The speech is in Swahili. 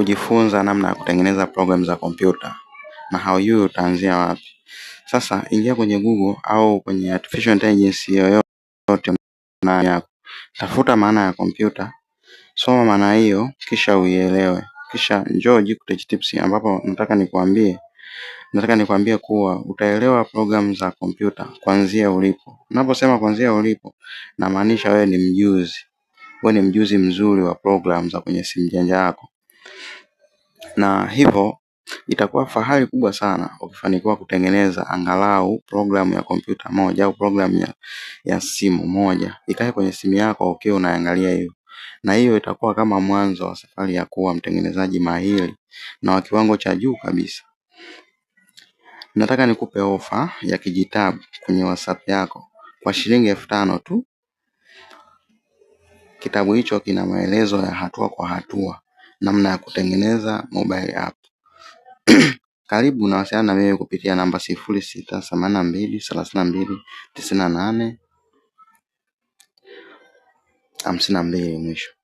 Kujifunza namna ya kutengeneza program za kompyuta na how you utaanzia wapi. Sasa ingia kwenye Google au kwenye artificial intelligence yoyote na yako, tafuta maana ya kompyuta, soma maana hiyo, kisha uielewe, kisha njoo jikute tips, ambapo nataka nikuambie nataka nikuambie kuwa utaelewa program za kompyuta kuanzia ulipo. Naposema kuanzia ulipo, namaanisha wewe ni mjuzi, wewe ni mjuzi mzuri wa program za kwenye simu janja yako na hivyo itakuwa fahari kubwa sana ukifanikiwa kutengeneza angalau programu ya kompyuta moja au programu ya, ya simu moja ikae kwenye simu yako ukiwa unaangalia hiyo na hiyo itakuwa kama mwanzo wa safari ya kuwa mtengenezaji mahiri na wa kiwango cha juu kabisa. Nataka nikupe ofa ya kijitabu kwenye WhatsApp yako kwa shilingi elfu tano tu. Kitabu hicho kina maelezo ya hatua kwa hatua namna ya kutengeneza mobile app. Karibu unawasiliana na mimi kupitia namba sifuri sita themanini na mbili thelathini na mbili tisini na nane hamsini na mbili mwisho.